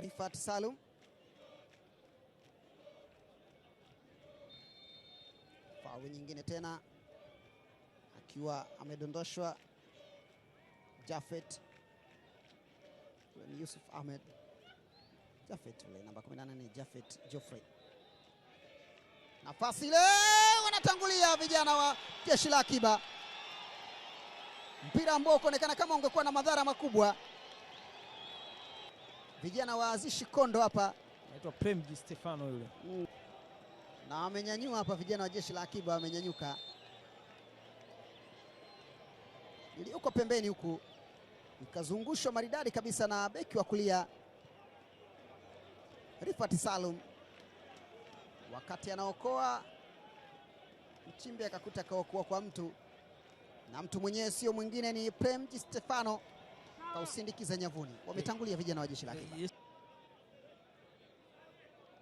rifat Salum faulu nyingine tena akiwa amedondoshwa Jafet Yusuf Ahmed Jafet ule namba 18 Jafet Geoffrey nafasi ile wanatangulia vijana wa jeshi la akiba mpira ambao ukaonekana kama ungekuwa na madhara makubwa vijana waazishi kondo hapa, anaitwa Premji Stefano yule mm. na wamenyanyua hapa, vijana wa jeshi la akiba wamenyanyuka. Iliyoko pembeni huku ikazungushwa maridadi kabisa na beki wa kulia Rifat Salum, wakati anaokoa Mchimbe akakuta kaokoa kwa mtu, na mtu mwenyewe sio mwingine ni Premji Stefano kausindikiza nyavuni, wametangulia vijana wa jeshi la akiba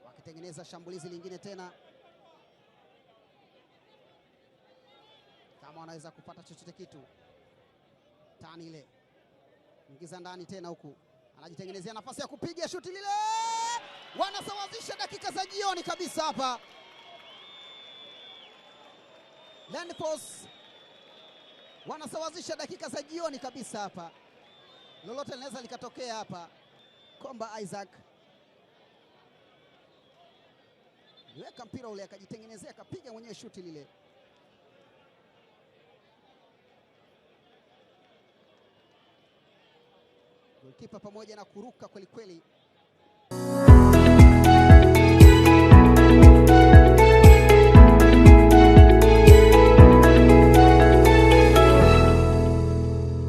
wakitengeneza shambulizi lingine tena, kama wanaweza kupata chochote kitu. Tani ile ingiza ndani tena, huku anajitengenezea nafasi ya kupiga shuti lile, wanasawazisha dakika za jioni kabisa hapa. Land Force wanasawazisha dakika za jioni kabisa hapa lolote linaweza likatokea hapa. Komba Isaac liweka mpira ule akajitengenezea akapiga mwenyewe shuti lile. Golkipa pamoja na kuruka kwelikweli kweli.